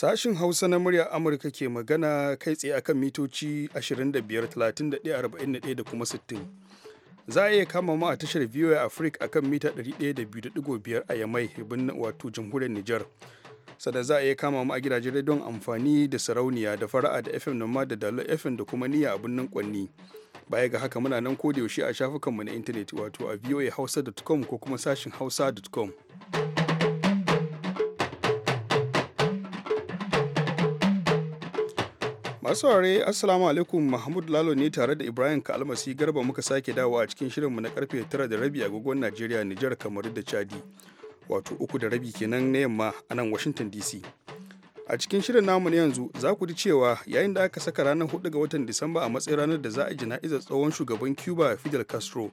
Sashin Hausa na murya Amurka ke magana kai tsaye akan mitoci 25,31,41 da kuma 60. Za a iya kama ma a tashar VOA Africa akan mita 102.5 a Yamai, birnin wato jamhuriyar Nijar. Sada za a iya kama mu a gidajen rediyon amfani da sarauniya da fara'a da FM noma da dalar FM da kuma niyya a birnin Kwanni. Baya ga haka muna nan yaushe a shafukanmu na intanet wato a voahausa.com ko kuma sashin hausa.com. Masu saurare Assalamu alaikum Mahmud Lalo ne tare da Ibrahim Kalmasi Garba muka sake dawo a cikin shirinmu na karfe 9 da rabi agogon Najeriya, Nijar, Kamaru da Chadi. Wato uku da rabi kenan na yamma a nan Washington DC. A cikin shirin namu na yanzu za ku ji cewa yayin da aka saka ranar 4 ga watan Disamba a matsayin ranar da za a jana'izar tsohon shugaban Cuba Fidel Castro.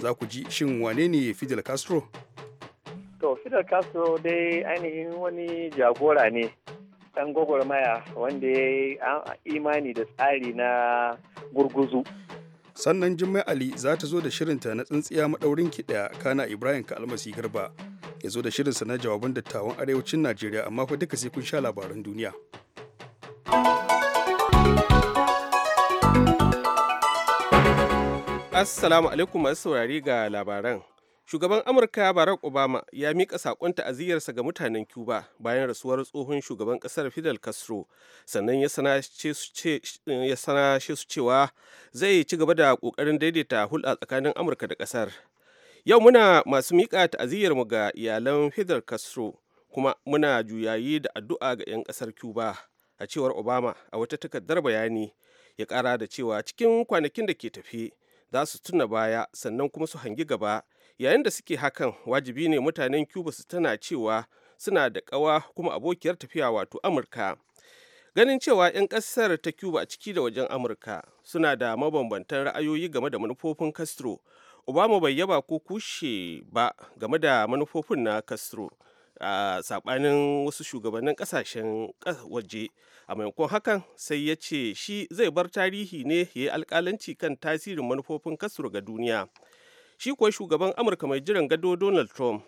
Za ku ji shin wane ne Fidel Castro? To Fidel Castro dai ainihin wani jagora ne ɗan gwagwarmaya wanda ya yi imani da tsari na gurguzu sannan Jummai Ali za ta zo da shirinta na tsintsiya maɗaurin kiɗa kana Ibrahim Kalmasi Garba ya zo da shirinsa na jawabin dattawan arewacin Najeriya amma fa duka sai kun sha labaran duniya. Assalamu alaikum masu saurari ga labaran. shugaban amurka barack obama ya miƙa saƙon ta'aziyyarsa ga mutanen cuba bayan rasuwar tsohon shugaban ƙasar fidel castro sannan ya shi su cewa zai ci gaba da ƙoƙarin daidaita hulɗa tsakanin amurka da ƙasar yau muna masu miƙa mu ga iyalan fidel castro kuma muna juyayi da addu'a ga 'yan ƙasar cuba a cewar obama a wata takardar bayani ya kara da cewa cikin kwanakin da ke tafi za su tuna baya sannan kuma su hangi gaba yayin da suke hakan wajibi ne mutanen cuba su tana cewa suna da kawa kuma abokiyar tafiya wato amurka ganin cewa 'yan kasar ta cuba a ciki da wajen amurka suna da mabambantan ra'ayoyi game da manufofin castro obama bai yaba ko kushe ba game da manufofin na castro a sabanin wasu shugabannin kasashen waje a maimakon hakan sai ya ce shi zai bar tarihi ne ya yi alkalanci kan tasirin manufofin castro ga duniya shi kuwa shugaban amurka mai jiran gado donald trump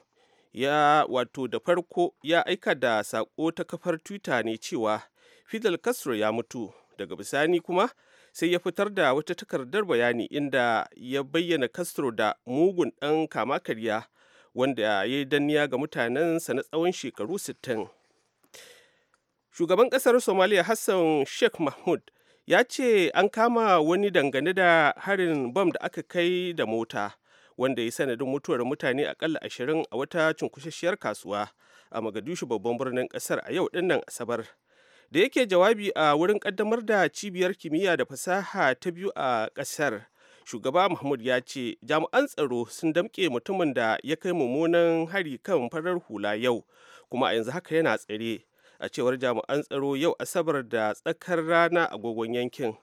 ya wato da farko ya aika da sako ta kafar twitter ne cewa fidel castro ya mutu daga bisani kuma sai ya fitar da wata takardar bayani inda ya bayyana castro da mugun ɗan kama karya wanda ya yi danniya ga mutanen sa na tsawon shekaru 60 shugaban ƙasar somaliya hassan sheikh mahmud ya ce an kama wani dangane da harin bam da aka kai da mota wanda ya sanadin mutuwar mutane akalla ashirin a wata cunkushasshiyar kasuwa a magadishu babban birnin kasar a yau dinnan asabar da yake jawabi a wurin kaddamar da cibiyar kimiyya da fasaha ta biyu a kasar shugaba mahmud ya ce jami'an tsaro sun damke mutumin da ya kai mummunan hari kan farar hula yau kuma a yanzu haka yana tsare a cewar jami'an tsaro yau asabar da tsakar rana agogon yankin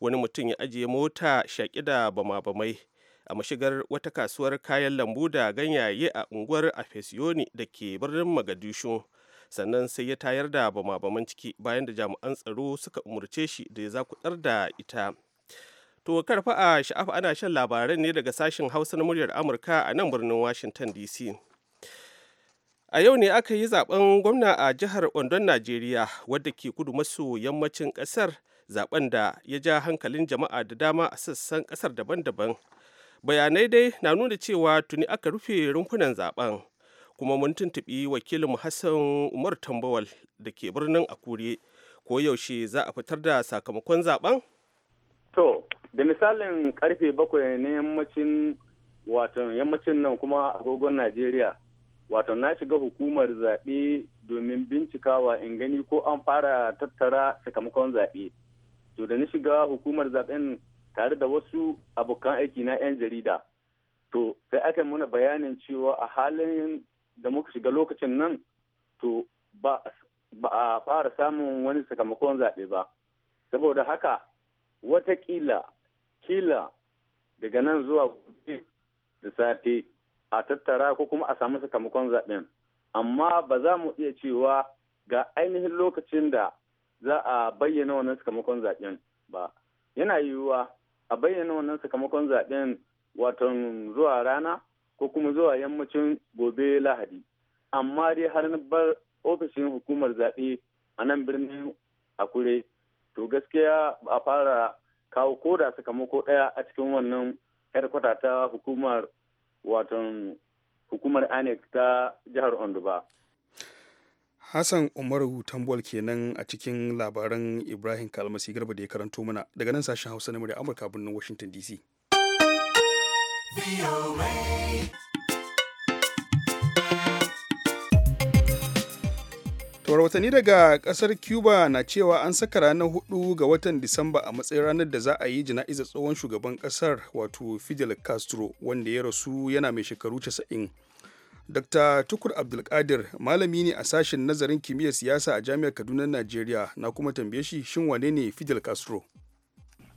wani mutum ya ajiye mota shaƙi da bama-bamai a mashigar wata kasuwar kayan lambu da ganyaye a unguwar afesiyoni da ke birnin magadishu sannan sai ya tayar da bama-baman ciki bayan da jami'an tsaro suka umarce shi da ya zakutar da ita to karfa a sha'afa ana shan labaran ne daga sashen hausa na muryar amurka a nan birnin washington dc a yau ne aka yi zaben gwamna a jihar ondon najeriya wadda ke kudu maso yammacin kasar zaben da ya ja hankalin jama'a da dama a sassan kasar daban-daban bayanai dai na nuna cewa tuni aka rufe rumfunan zaben kuma mun tuntuɓi wakilin hassan umar tambawal da ke birnin akure ko yaushe za a fitar da sakamakon zaben to da misalin karfe bakwai na yammacin wato yammacin nan kuma agogon najeriya wato na shiga hukumar zaɓe domin bincikawa in gani ko an fara tattara sakamakon zaɓe to da na shiga hukumar zaɓen tare da wasu abokan aiki na 'yan jarida to sai aka yi muna bayanin cewa a halin da muka shiga lokacin nan to ba a fara samun wani sakamakon zaɓe ba saboda haka watakila kila daga nan zuwa da safe a tattara ko kuma a samu sakamakon zaɓen amma ba za mu iya cewa ga ainihin lokacin da za a bayyana wannan sakamakon zaɓen ba yana yiwuwa a bayyana wannan sakamakon zaɓen watan zuwa rana ko kuma zuwa yammacin gobe lahadi amma dai har na bar ofishin hukumar zaɓe a nan birnin akure to gaskiya ba a fara kawo koda sakamako ɗaya a cikin wannan kwata ta hukumar watan hukumar anex ta jihar ondo ba Hassan umar Tambol kenan a cikin labaran Ibrahim Kalmasi Garba da ya karanto mana daga nan sashen Hausa na murya Amurka birnin Washington DC. rahotanni daga kasar cuba na cewa an saka ranar hudu ga watan disamba a matsayin ranar da za a yi jana'iza tsohon shugaban kasar wato fidel castro wanda ya rasu yana mai shekaru 90 Dr. Tukur Abdulkadir malami ne a sashen nazarin kimiyyar siyasa a Jami'ar Kaduna Najeriya na kuma tambaye shi shin wane ne Fidel Castro?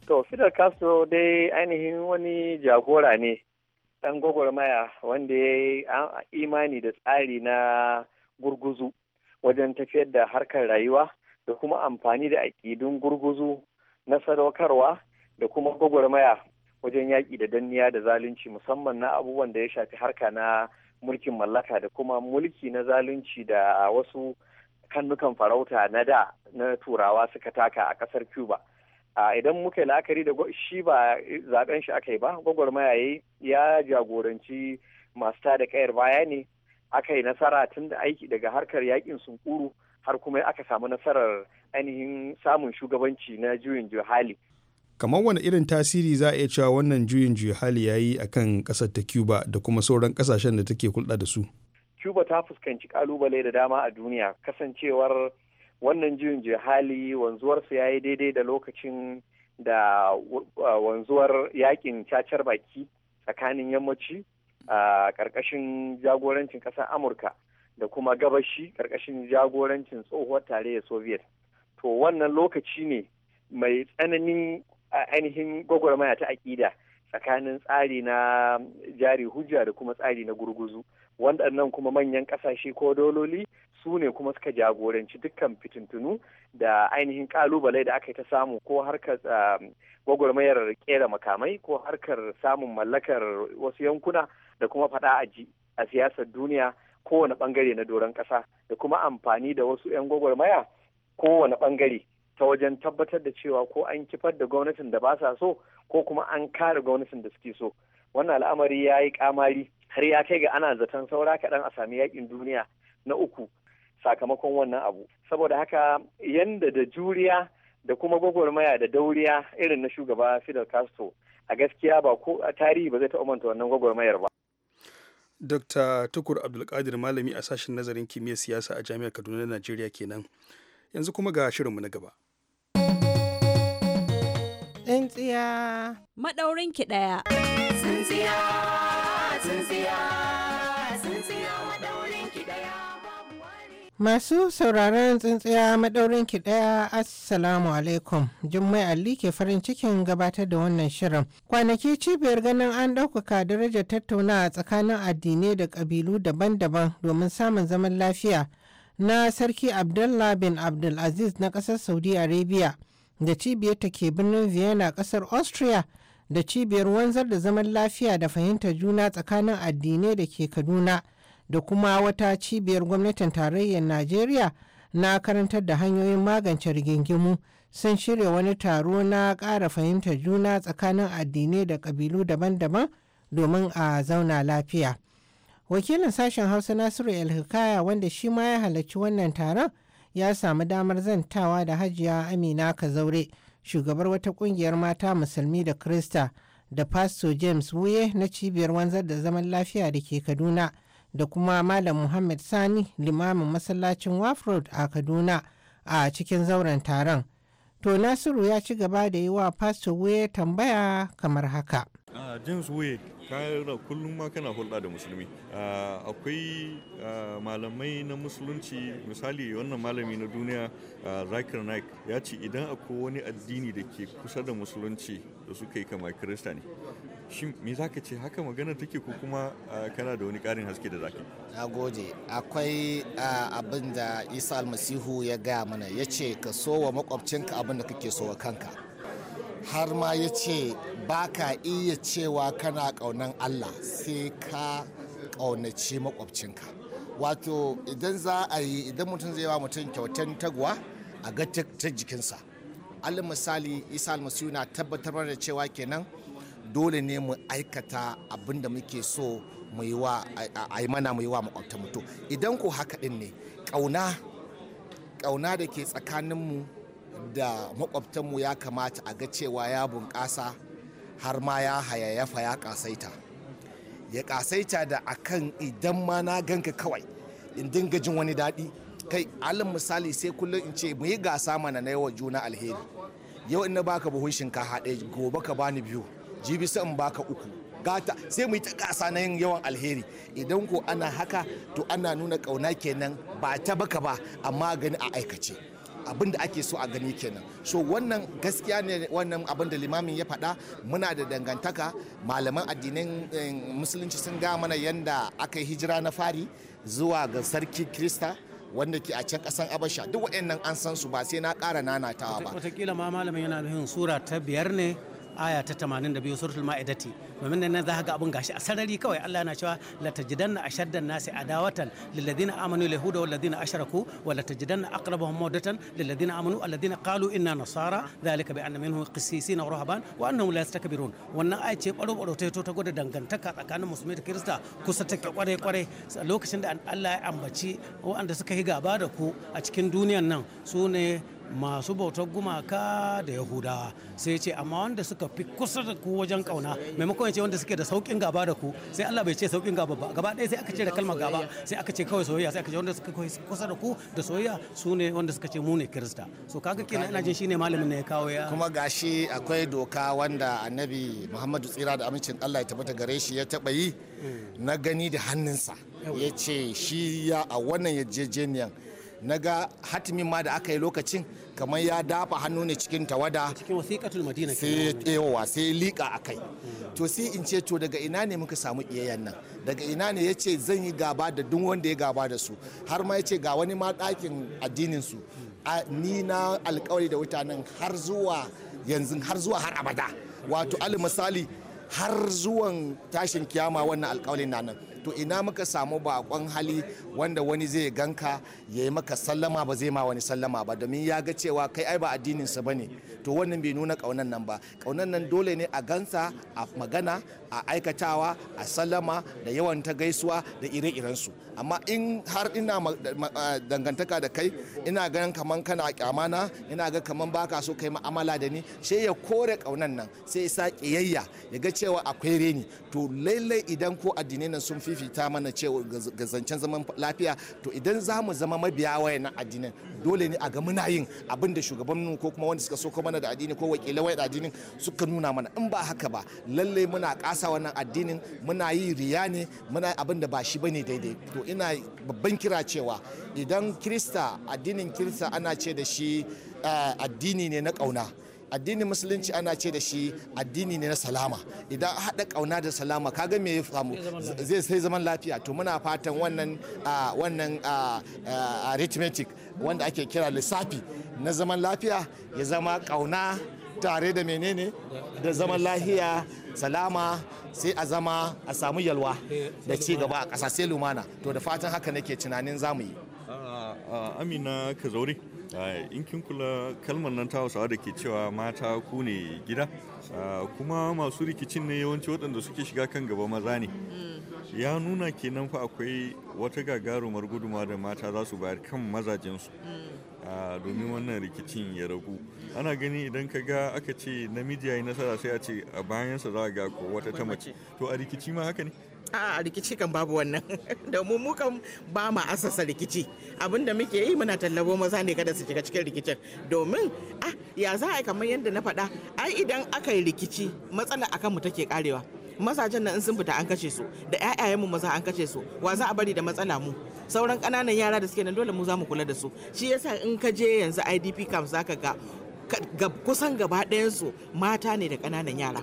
To Fidel Castro dai ainihin wani jagora ne ɗan gwagwarmaya wanda ya yi imani da tsari na gurguzu wajen tafiyar da harkar rayuwa da kuma amfani da aƙidun gurguzu na sadaukarwa da kuma gwagwarmaya wajen yaƙi da danniya da zalunci musamman na abubuwan da ya shafi harka na mulkin mallaka da kuma mulki na zalunci da wasu kannukan farauta na da na turawa suka taka a kasar cuba idan muka yi la'akari da shi ba zaben shi aka yi ba gwagwarmaya ya jagoranci masu tada kayar baya ne aka yi nasara tun da aiki daga harkar yakin sunkuru har kuma aka samu nasarar ainihin samun shugabanci na juyin juhali kamar wani irin tasiri za a iya cewa wannan juyin juyi hali ya yi a kan ƙasar ta cuba da kuma sauran ƙasashen da take hulɗa da su cuba ta fuskanci kalubale da dama a duniya kasancewar wannan juyin juyi hali wanzuwarsa ya yi daidai da lokacin da uh, wanzuwar yakin cacar baki tsakanin yammaci a uh, ƙarƙashin jagorancin ƙasar amurka da kuma gabashi karkashin jagorancin tsohuwar tarayyar soviet to wannan lokaci ne mai tsananin ainihin gwagwarmaya ta aƙida tsakanin tsari na jari hujja da kuma tsari na gurguzu waɗannan kuma manyan ƙasashe ko dololi su ne kuma suka jagoranci dukkan fitintunu da ainihin ƙalubale da aka yi ta samu ko harkar um, gwagwarmayar ƙera makamai ko harkar samun mallakar wasu yankuna da kuma faɗa a siyasar duniya kowane ɓangare na doron ƙasa da kuma amfani da wasu 'yan gwagwarmaya kowane ɓangare ta wajen tabbatar da cewa ko an kifar da gwamnatin da ba sa so ko kuma an kare gwamnatin da suke so wannan al'amari ya yi kamari har ya kai ga ana zaton saura kaɗan a sami yakin duniya na uku sakamakon wannan abu saboda haka yanda da juriya da kuma gwagwarmaya da dauriya irin na shugaba fidel castro a gaskiya ba ko a tarihi ba zai taɓa manta wannan gwagwarmayar ba dokta tukur abdulkadir malami a sashen nazarin kimiyyar siyasa a jami'ar kaduna na najeriya kenan yanzu kuma ga shirinmu na gaba Tsintsiya. Maɗaurin ki ɗaya. Tsintsiya, tsintsiya, tsintsiya maɗaurin ki ɗaya. Masu sauraron tsintsiya maɗaurin ki ɗaya Assalamu alaikum. Jummai Alli ke farin cikin gabatar da wannan shirin. Kwanaki cibiyar ganin an ɗaukaka darajar tattaunawa tsakanin addinai da ƙabilu daban-daban domin samun zaman lafiya na Sarki Abdullah bin Abdulaziz na ƙasar Saudi Arabia. da cibiyar ta ke birnin vienna kasar austria da cibiyar wanzar da zaman lafiya da fahimtar juna tsakanin addinai da ke kaduna da kuma wata cibiyar gwamnatin tarayyar najeriya na karantar da hanyoyin magance rigingimu sun shirya wani taro na kara fahimtar juna tsakanin addinai da ƙabilu daban-daban domin a zauna lafiya wakilin sashen hausa nasiru el wanda shi ma ya halarci wannan taron ya samu damar zantawa da hajiya amina kazaure shugabar wata kungiyar mata musulmi da krista da pastor james wuye na cibiyar wanzar da zaman lafiya da ke kaduna da kuma malam muhammad sani limamin masallacin wafrod a kaduna a cikin zauren taron to nasiru ya ci gaba da yi wa pastor wuye tambaya kamar haka James Wade kayan kullum ma kana hulɗa da musulmi akwai malamai na musulunci misali wannan malami na duniya Zakir Naik ya ce idan akwai wani addini da ke kusa da musulunci da suka yi kama kirista ne shi me za ka ce haka magana take ko kuma kana da wani ƙarin haske da zaki na gode akwai abin da isa almasihu ya gaya mana ya ce ka so wa makwabcinka abin da kake so wa kanka har ma ya ce ba ka iya cewa kana ƙaunan Allah sai ka ƙaunaci makwabcinka wato idan za a yi idan mutum zai wa mutum kyautan taguwa a ga ta jikinsa alin misali isa almasu na tabbatar da cewa kenan dole ne mu aikata abin muke so mu yi wa mana mu yi wa makwabta mutu idan ko haka din ne ƙauna da ke tsakaninmu da makwabtanmu ya kamata a ga cewa ya bunƙasa har ma ya hayayyafa ya ƙasaita ya ƙasaita da akan idan ma na ganka kawai in dinga jin wani daɗi kai alin misali sai kullum in ce mu yi gasa mana na yawan juna alheri yau in na baka buhun shinkafa ɗaya gobe ka bani biyu jibi sai in baka uku gata sai mu yi ta ƙasa na yin yawan alheri idan ko ana haka to ana nuna ƙauna kenan ba ta baka ba amma gani a aikace abin da ake so a gani kenan so wannan gaskiya ne wannan abin da limamin ya faɗa muna da dangantaka malaman addinin eh, musulunci sun ga mana yadda aka yi hijira na fari zuwa ga sarki krista wanda ke a can kasan abasha duk waɗannan an san su ba sai na kara nanatawa ba watakila ma malamin yana yin sura ta biyar ne aya ta 82 suratul ma'idati domin nan za ka ga abun gashi a sarari kawai Allah yana cewa la tajidanna ashaddan nasi adawatan lil ladina amanu lil yahuda wal ladina ashraku wa la tajidanna aqrabahum mawaddatan lil ladina amanu alladina qalu inna nasara dhalika bi anna minhum qissisina wa ruhban wa annahum la yastakbirun wannan aya ce baro baro ta ta gwada dangantaka tsakanin musulmi da kirista kusa take kware kware lokacin da Allah ya ambaci waɗanda suka yi gaba da ku a cikin duniyan nan su ne masu bautar gumaka da yahudawa sai ce amma wanda suka fi kusa da ku wajen kauna maimakon ya ce wanda suke da saukin gaba da ku sai Allah bai ce saukin gaba ba gaba ɗaya sai aka ce da kalmar gaba sai aka ce kawai soyayya sai aka ce wanda suka kusa da ku da soyayya su ne wanda suka ce mu ne kirista so kaga kenan ina jin shine malamin ne ya kawo ya kuma gashi akwai doka wanda annabi Muhammadu tsira da amincin Allah ya tabbata gare shi ya taba yi mm. na gani da hannunsa ya ce shi ya a wannan yarjejeniyan na ga hatimin ma da aka yi lokacin kamar ya dafa hannu ne cikin tawada sai ewa, sai liƙa a kai to sai in ce to daga ina ne muka samu iyayen nan daga ina ne ya ce zan yi gaba da duk wanda ya gaba da su har ma ya ce ga wani ma ɗakin addinin su ni na alkawari da mutanen har zuwa yanzu har zuwa har abada wato al misali har zuwan tashin kiyama wannan alkawalin na nan to ina muka samu bakon hali wanda wani zai ganka ya yi maka sallama ba zai ma wani sallama ba domin ya ga cewa kai ai ba addininsa ba ne to wannan bai nuna kaunan nan ba kaunan nan dole ne a gansa a magana a aikatawa a sallama da yawan ta gaisuwa da ire iren su. amma in har ina dangantaka da kai ina ganin kaman kana kyamana ina ga kaman baka so kai ma'amala da ni sai ya kore kaunan nan sai ya sa kiyayya ya ga cewa akwai reni to lallai idan ko addinai nan sun fifita mana cewa ga zancen zaman lafiya to idan za mu zama mabiya wayannan addinin dole ne a ga muna yin abin da shugabannin ko kuma wanda suka so mana da addini ko wakilai wayan addinin suka nuna mana in ba haka ba lallai muna kasa wannan addinin muna yi riya ne muna abin da ba shi bane daidai to ina babban kira cewa idan kirista addinin kirista ana ce da shi eh, addini ne na ƙauna addinin musulunci ana ce da shi addini ne na salama idan haɗa kauna da salama kaga me ya samu zai sai zaman lafiya to muna fatan wannan wannan arithmetic wanda ake kira lissafi na zaman lafiya ya zama ƙauna tare da menene da zaman lahiya salama sai a zama a samu yalwa da ci gaba a ƙasa sai lumana to da fatan haka nake tunanin zamu yi amina ka zaure in kin kula kalmar nan ta hausawa da ke cewa mata ku ne gida kuma masu rikicin ne yawanci waɗanda suke shiga kan gaba maza ne ya nuna kenan fa akwai wata gagarumar guduma da mata za su bayar kan mazajensu mm. ah, domin wannan rikicin ya ragu ana gani idan ka ga aka ce namiji ya yi nasara sai a ce a bayansa za a ga ko wata ta mace to a rikici ma haka ne a rikici kan babu wannan domin mu kan ba ma asasa rikici abinda muke yi muna tallabo maza ne kada su shiga cikin rikicin domin ah ya za a kamar yadda na faɗa ai idan aka yi rikici matsala akan mu take karewa mazajen nan in sun fita an kace su da ƴaƴayenmu maza an kace su wa za a bari da matsala mu sauran ƙananan yara da suke nan dole mu za mu kula da su shi yasa in ka je yanzu IDP camp zaka ga kusan gaba ɗayansu mata ne da ƙananan yara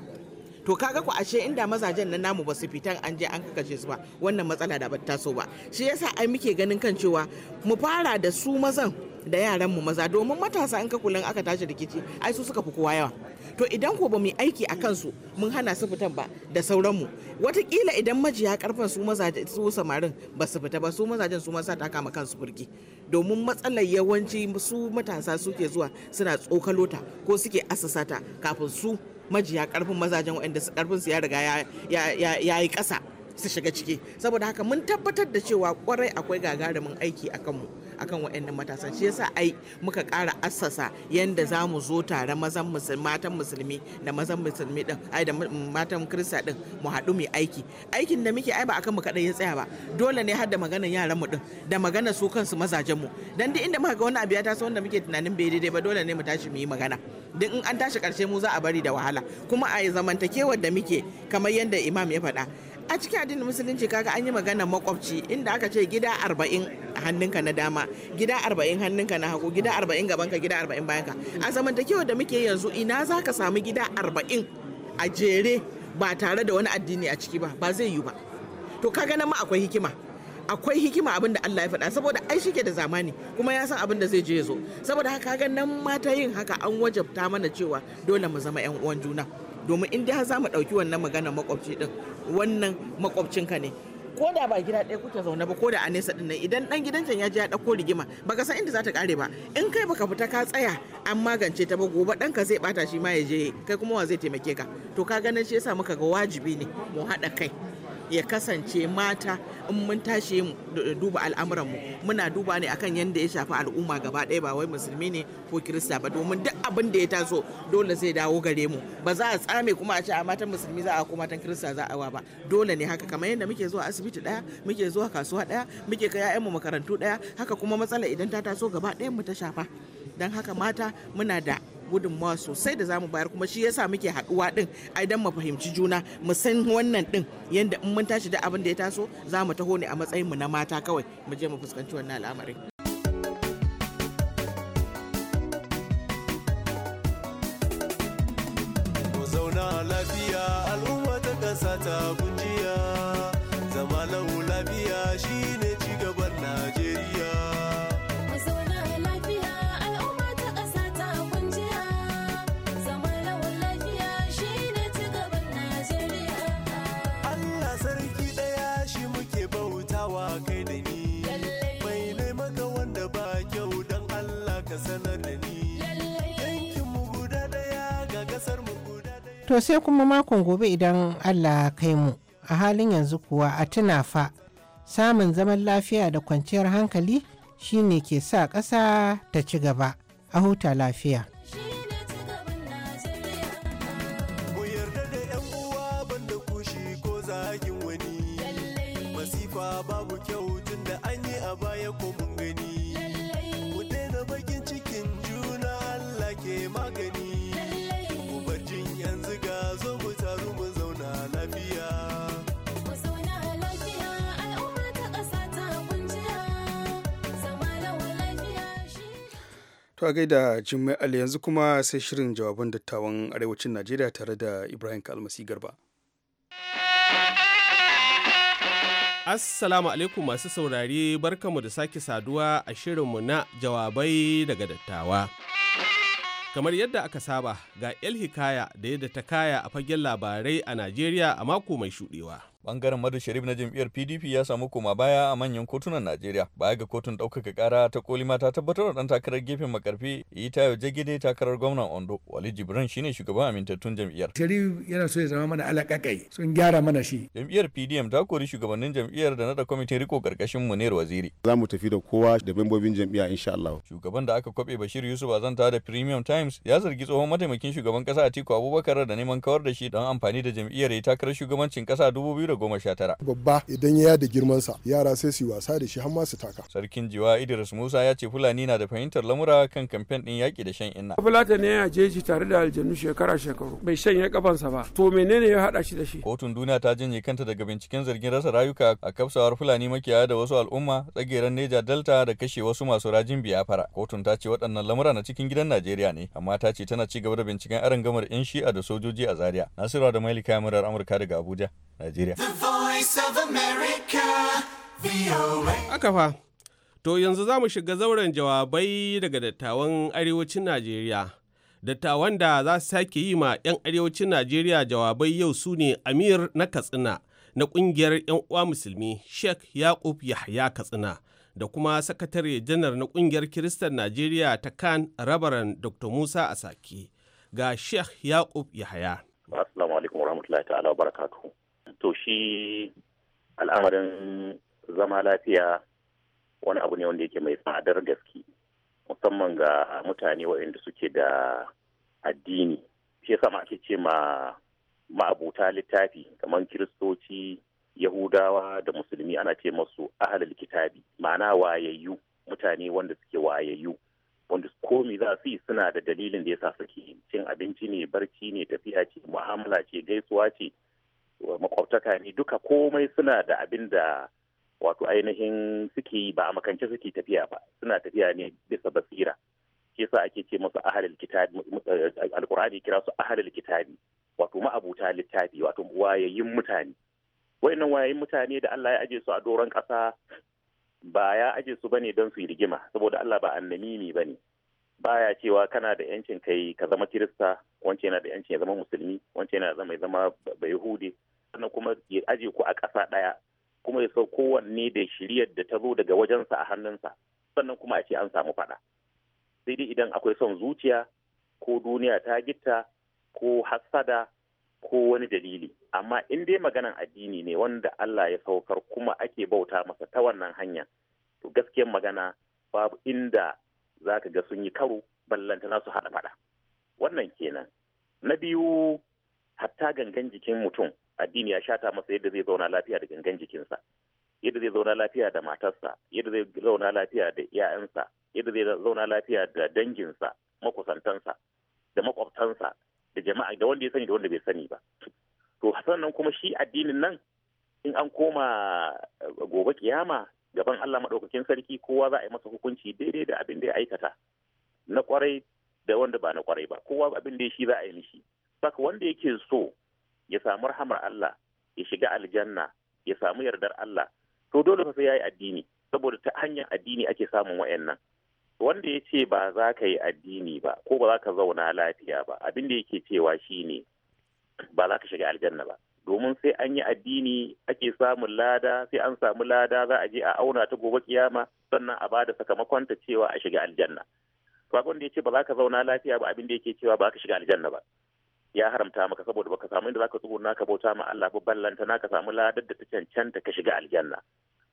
to kaga ku ashe inda mazajen nan namu ba su fitan an je an kace su ba wannan matsala da ba so ba shi yasa ai muke ganin kan cewa mu fara da su mazan da yaran mu maza domin matasa in ka kula aka tashi rikici ai su suka fi kowa yawa to idan ko ba mu yi aiki a kansu mun hana su fitan ba da sauranmu watakila idan majiya karfan su mazaje su samarin ba su fita ba su mazajen su masa ta kama kansu burgi domin matsalar yawanci su matasa suke zuwa suna tsokalota ko suke asasata kafin su majiya karfin mazajen su karfin su ya riga ya yi ƙasa su shiga ciki saboda haka mun tabbatar da cewa kwarai akwai gagarumin aiki a kanmu akan waɗannan matasan shi yasa ai muka ƙara assasa yanda za mu zo tare mazan matan musulmi da mazan musulmi din ai da matan kirista din mu haɗu mu aiki aikin da muke ai ba akan mu kaɗai ya tsaya ba dole ne har da maganar yaran mu din da maganar su kansu mazajen mu dan duk inda muka ga wani abu ya taso wanda muke tunanin bai daidai ba dole ne mu tashi mu yi magana duk in an tashi karshe mu za a bari da wahala kuma a zamantakewar da muke kamar yadda imam ya faɗa a cikin addinin musulunci kaga an yi magana makwabci inda aka ce gida arba'in hannunka na dama gida arba'in hannunka na hagu gida arba'in gabanka gida arba'in bayanka a zamantakewa da muke yanzu ina za ka samu gida arba'in a jere ba tare da wani addini a ciki ba ba zai yi ba to kaga nan ma akwai hikima akwai hikima abin da Allah ya faɗa saboda ai shike da zamani kuma ya san abin da zai je ya zo saboda haka kaga nan mata yin haka an wajabta mana cewa dole mu zama 'yan uwan juna domin in dai za mu ɗauki wannan magana makwabci din wannan makwabcinka ne ko da ba gida ɗaya kuke zaune ba ko da a nesa ɗin nan idan ɗan gidan can ya ji ya ɗauko rigima baka san inda za ta kare ba in kai baka fita ka tsaya an magance ta ba gobe ɗanka zai bata shi ma ya je kai kuma wa zai taimake ka to ka ganin shi yasa muka ga wajibi ne mu haɗa kai ya kasance mata in mun tashi duba al'amuran mu muna duba ne akan yadda ya shafi al'umma gaba ɗaya ba wai musulmi ne ko kirista ba domin duk abin da ya taso dole zai dawo gare mu ba za a tsame kuma a ce a matan musulmi za a ko matan kirista za a wa ba dole ne haka kamar yadda muke zuwa asibiti ɗaya muke zuwa kasuwa ɗaya muke kai ƴaƴanmu makarantu ɗaya haka kuma matsala idan ta taso gaba ɗayan mu ta shafa don haka mata muna da gudunmawa sosai da zamu bayar kuma shi yasa muke haɗuwa ɗin, ai dan mu fahimci juna mu san wannan ɗin, yanda in mun tashi da abin da ya taso za mu taho ne a matsayin mu na mata kawai mu je mu fuskanci wannan al'amari To sai kuma makon gobe idan Allah kai mu. A halin yanzu kuwa a tuna fa samun zaman lafiya da kwanciyar hankali shine ke sa ƙasa ta ci gaba. A huta lafiya. To a gaida jimai Ali yanzu kuma sai shirin jawaban dattawan arewacin Najeriya tare da Ibrahim Kalmasi Garba. Assalamu alaikum masu saurare barkamu da sake saduwa a shirinmu na jawabai daga dattawa. Kamar yadda aka saba ga El Hikaya da yadda ta kaya a fagen labarai a Najeriya a mako mai shuɗewa. Bangaren Madu Sharif na jam'iyyar PDP ya samu koma baya a manyan kotunan Najeriya. Baya ga kotun ɗaukaka ƙara ta koli ta tabbatar da ɗan takarar gefen makarfi Itayo Jagide takarar gwamnan Ondo. Wali Jibran shine shugaban amintattun jam'iyyar. Sharif yana so ya zama mana alaƙaƙai sun gyara mana shi. Jam'iyyar PDM ta kori shugabannin jam'iyyar da nada kwamitin riko karkashin Munir Waziri. Za mu tafi da kowa da membobin jam'iyya insha Allah. Shugaban da aka kwabe Bashir Yusuf Azanta da Premium Times ya zargi tsohon mataimakin shugaban kasa Atiku Abubakar da neman kawar da shi don amfani da jam'iyyar ya takarar shugabancin kasa biyu tara Babba idan ya da girmansa yara sai su wasa da shi har ma su taka. Sarkin Jiwa Idris Musa ya ce Fulani na da fahimtar lamura kan kamfen ɗin yaƙi da shan inna. Fulata ne ya jeji tare da aljanu shekara shekaru bai shanye kafansa ba to menene ya haɗa shi da shi. Kotun duniya ta janye kanta daga binciken zargin rasa rayuka a kafsawar Fulani makiyaya da wasu al'umma tsageren Neja Delta da kashe wasu masu rajin biyafara. Kotun ta ce waɗannan lamura na cikin gidan Najeriya ne amma ta ce tana ci gaba da binciken arangamar 'yan shi'a da sojoji a Zaria. Nasiru da Mailika Murar Amurka daga Abuja. Najeriya. Aka fa, to yanzu za mu shiga zauren jawabai daga dattawan arewacin Najeriya. Dattawan da za su sake yi ma 'yan arewacin Najeriya jawabai yau su ne Amir na Katsina na ƙungiyar 'yan uwa musulmi Sheikh yaqub Yahya Katsina da kuma sakatare janar na kungiyar Kiristan Najeriya ta kan rabaran Dr. Musa Asaki ga Sheikh yaqub yahaya. Assalamu alaikum warahmatullahi ta'ala wa barakatuhu. to shi al'amarin zama lafiya wani abu ne wanda yake mai tsadar gaske musamman ga mutane waɗanda suke da addini shi yasa ma ake ce ma ma'abuta littafi kamar kiristoci yahudawa da musulmi ana ce masu ahalal kitabi ma'ana wayayyu mutane wanda suke wayayyu wanda komi za su yi suna da dalilin da ya yasa suke cin abinci ne barci ne tafiya ce mu'amala ce gaisuwa ce makwabtaka ne duka komai suna da abin da wato ainihin suke ba a makance suke tafiya ba suna tafiya ne bisa basira shi yasa ake ce musu ahalil kitabi alqur'ani kira su ahalil kitabi wato ma'abuta littafi wato wayayin mutane wayannan wayayin mutane da Allah ya aje su a doron ƙasa ba ya aje su bane don su yi rigima saboda Allah ba annami ne bane baya cewa kana da yancin kai ka zama kirista wance yana da yancin ya zama musulmi wance yana zama ya zama bayahudi sannan kuma ya aje ku a ƙasa ɗaya kuma ya sau kowanne da shiryar da ta zo daga wajensa a hannunsa sannan kuma a ce an samu faɗa sai dai idan akwai son zuciya ko duniya ta gitta ko hassada ko wani dalili amma in dai maganan addini ne wanda Allah ya saukar kuma ake bauta masa ta wannan hanya to gaskiyar magana babu inda za ka ga sun yi karo ballantana su haɗa faɗa wannan kenan na biyu hatta gangan jikin mutum addini ya shata masa yadda zai zauna lafiya da gangan jikinsa yadda zai zauna lafiya da matarsa yadda zai zauna lafiya da iyayensa yadda zai zauna lafiya da danginsa makusantansa da makwabtansa da jama'a da wanda ya sani da wanda bai sani ba to sannan kuma shi addinin nan in an koma eh, gobe kiyama gaban Allah maɗaukakin sarki kowa za a yi masa hukunci daidai da abin da ya aikata na kwarai da wanda ba na kwarai ba kowa abin da ya shi za a yi mishi saka wanda yake so ya samu rahamar Allah ya shiga aljanna ya samu yardar Allah to dole fa sai yayi addini saboda ta hanyar addini ake samun wayannan wanda ya ce ba za ka yi addini ba ko ba za ka zauna lafiya ba abin da yake cewa shine ba za ka shiga aljanna ba domin sai an yi addini ake samun lada sai an samu lada za a je a auna ta gobe kiyama sannan a bada sakamakon ta cewa a shiga aljanna to abin da ce ba za ka zauna lafiya ba abin da yake cewa ba ka shiga aljanna ba ya haramta maka saboda baka samu inda zaka tsuguna ka bauta ma Allah ba ballanta na ka samu ladar da ta cancanta ka shiga aljanna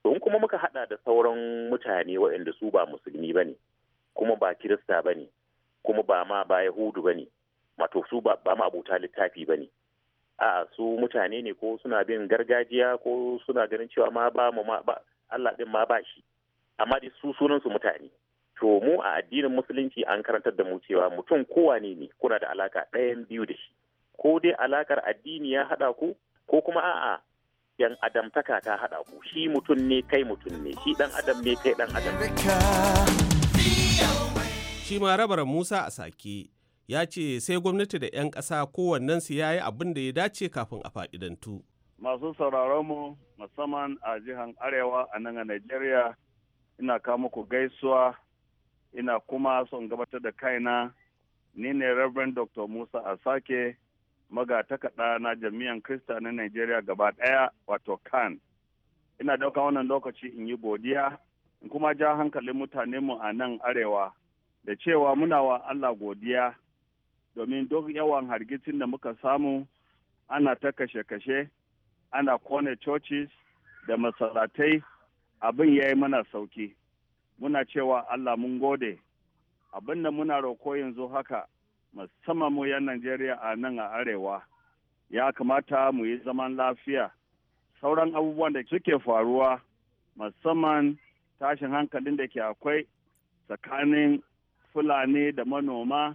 to in kuma muka hada da sauran mutane waɗanda su ba musulmi bane kuma ba kirista bane kuma ba ma ba yahudu bane wato su ba ma abota littafi bane a su mutane ne ko suna bin gargajiya ko suna ganin cewa ma ba mu ma ba Allah din ma ba shi amma dai su sunan su mutane to mu a addinin musulunci an karantar da mu cewa mutum kowane ne kuna da alaka ɗayan biyu da shi ko dai alakar addini ya haɗa ku ko kuma a'a yan adamtaka ta haɗa ku shi mutum ne kai mutum ne shi ɗan adam ne kai ɗan adam shi ma rabar musa a sake ya ce sai gwamnati da 'yan ƙasa kowannensu ya yi abin da ya dace kafin a fa'idantu. Masu sauraron mu musamman a jihar Arewa a nan a Najeriya ina kama ku gaisuwa ina kuma son gabatar da kaina ni ne Reverend Dr. Musa Asake magatakaɗa na jami'an Krista na Najeriya gaba ɗaya wato kan. Ina ɗauka wannan lokaci in yi godiya in kuma ja hankalin mutanenmu a nan Arewa da cewa muna wa Allah godiya domin duk yawan hargitsin da muka samu ana ta kashe-kashe ana kone churches da masaratai abin ya yi mana sauki muna cewa allah mun gode abin da muna roko yanzu haka musamman mu yan najeriya a nan a arewa ya kamata mu yi zaman lafiya sauran abubuwan da suke faruwa musamman tashin hankalin da ke akwai tsakanin fulani da manoma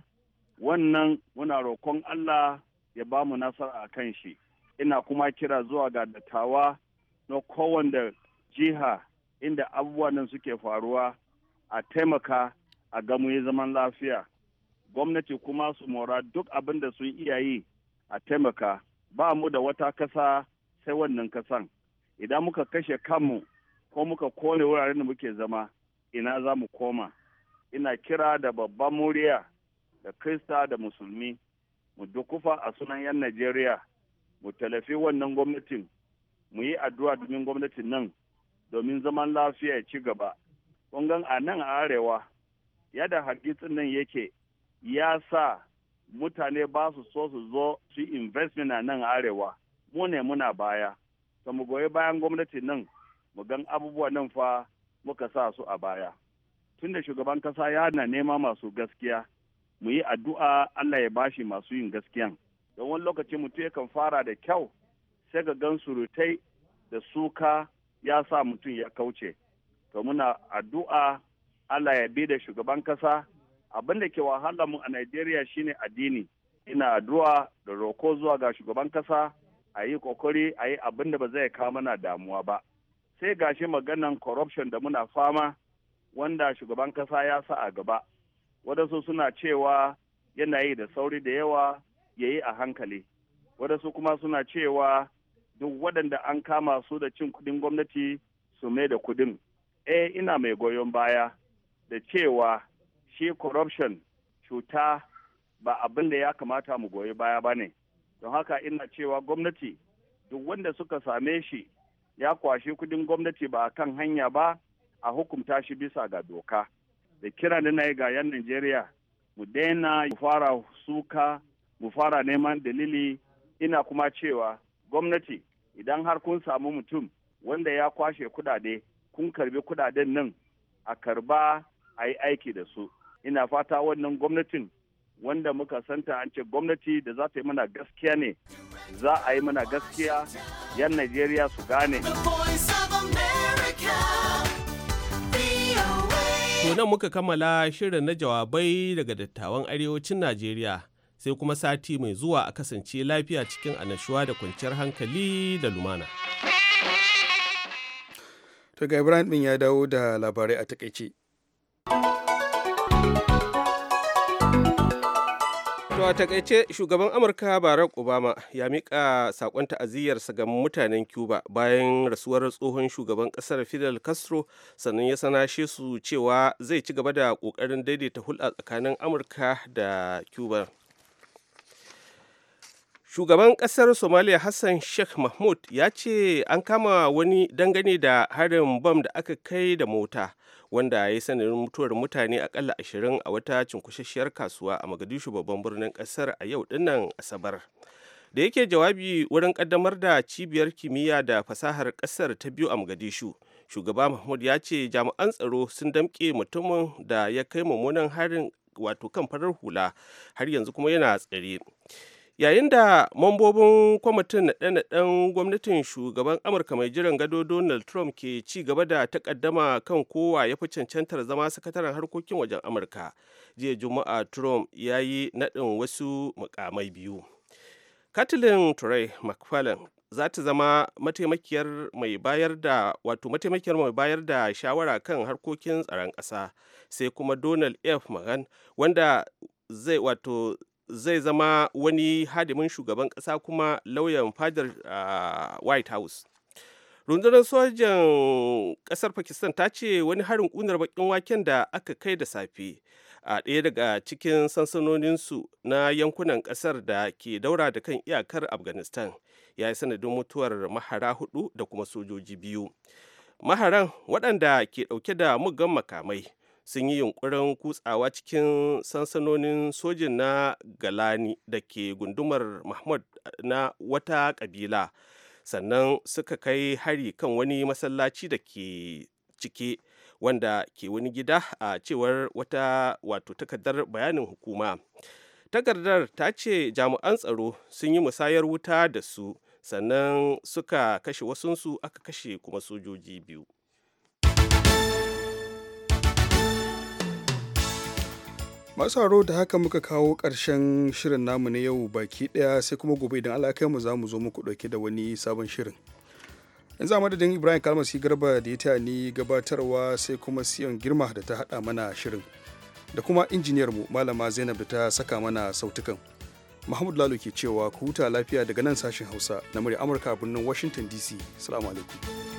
wannan muna roƙon Allah ya ba mu nasara a kan shi ina kuma kira zuwa ga dattawa na kowanne jiha inda abubuwan nan suke faruwa a taimaka a gamu yi zaman lafiya gwamnati kuma su mora duk abin da sun iya yi a taimaka ba mu da wata kasa sai wannan kasan idan muka kashe kanmu ko muka kone wuraren da muke zama ina za mu koma ina kira da babban muriya da krista da musulmi mu dukufa a sunan 'yan najeriya mu talafi wannan gwamnatin mu yi addu'a domin gwamnatin nan domin zaman lafiya ya ci gaba gan a nan a arewa yadda hargitsin nan yake ya sa mutane ba su so su zo su investment a nan arewa mu ne muna baya ta mu goyi bayan gwamnatin nan mu gan abubuwa nan fa muka sa su a baya tunda shugaban kasa na nema masu gaskiya mu yi addu'a Allah ya bashi masu yin gaskiya. don wani lokaci mutum kan fara da kyau sai ga gan surutai da suka ya sa mutum ya kauce to muna addu'a Allah ya bi da shugaban kasa abin da ke wahala mu a Najeriya shine addini ina addu'a da roko zuwa ga shugaban kasa a yi kokari a yi abin da ba zai kawo mana damuwa ba sai gashi maganan corruption da muna fama wanda shugaban kasa ya sa a gaba waɗansu suna cewa yana yi da sauri da yawa ya yi a hankali waɗansu kuma suna cewa duk waɗanda an kama su da cin kuɗin gwamnati su mai da kuɗin eh ina mai goyon baya da cewa shi corruption cuta ba abin da ya kamata mu goyi baya ba ne don haka ina cewa gwamnati duk wanda suka same shi ya kwashe kuɗin gwamnati ba a kan hanya ba a hukunta shi bisa ga doka. da kira da na ga 'yan Najeriya mu daina mu fara suka mu fara neman dalili ina kuma cewa gwamnati idan har kun samu mutum wanda ya kwashe kudade kun karbi kudaden nan a karba a yi aiki da su ina fata wannan gwamnatin wanda muka santa an ce gwamnati da za ta yi mana gaskiya ne za a yi mana gaskiya yan najeriya su gane. To nan muka kammala shirin na jawabai daga dattawan arewacin Najeriya sai kuma sati mai zuwa a kasance lafiya cikin anashuwa da kwanciyar hankali da lumana. Daga Ibrahim ya dawo da labarai a takaice. To a takaice shugaban Amurka Barack Obama ya mika sakon ta'aziyyarsa ga mutanen Cuba bayan rasuwar tsohon shugaban kasar Fidel Castro sannan ya sanashe su cewa zai ci gaba da kokarin daidaita hulɗa tsakanin Amurka da Cuba. Shugaban kasar Somalia Hassan Sheikh Mahmud ya ce an kama wani dangane da harin bam da aka kai da mota. wanda ya yi sanadin mutuwar mutane akalla ashirin a wata cinkushasshiyar kasuwa a magadishu babban birnin kasar a yau dinnan Asabar. Da yake jawabi wurin kaddamar da cibiyar kimiyya da fasahar kasar ta biyu a magadishu Shugaba Mahmud ya ce jami'an tsaro sun damƙe mutumin da ya kai mummunan harin wato kan farar hula har yanzu kuma yana tsare. yayin da mambobin kwamitin naɗe-naɗen gwamnatin shugaban amurka mai jiran gado donald trump ke ci gaba da takaddama kan kowa ya fi cancantar zama sakataren harkokin wajen amurka jiya juma'a trump ya yi naɗin wasu mukamai biyu katilin turai mcfarlane za ta zama mataimakiyar mai bayar da wato mataimakiyar mai bayar da shawara kan harkokin tsaron ƙasa sai kuma donald f mahan wanda zai wato zai zama wani hadimin shugaban ƙasa kuma lauyan fadar white house rundunar sojan ƙasar pakistan ta ce wani harin ƙunar bakin waken da aka kai da safe a ɗaya daga cikin sansanoninsu na yankunan ƙasar da ke daura da kan iyakar afghanistan ya yi sanadin mutuwar mahara hudu da kuma sojoji biyu maharan waɗanda ke ɗauke da muggan makamai sun yi yunkurin kutsawa cikin sansanonin sojin na galani da ke gundumar mahmud eh, na wata ƙabila sannan suka kai hari kan wani masallaci da ke cike wanda ke wani gida a cewar wata wato takardar bayanin hukuma takardar ta ce jami'an tsaro sun yi musayar wuta da su sannan suka kashe wasunsu aka kashe kuma sojoji biyu masu haro da haka muka kawo ƙarshen shirin namu na yau baki ɗaya sai kuma gobe idan ala kai mu za mu zo muku ɗauke da wani sabon shirin yanzu za madadin ibrahim kalmasi garba da ya ta ni gabatarwa sai kuma siyan girma da ta haɗa mana shirin da kuma injiniyar mu malama zainab da ta saka mana sautukan mahmud lalo ke cewa ku huta lafiya daga nan sashen hausa na murya amurka a birnin washington dc salamu alaikum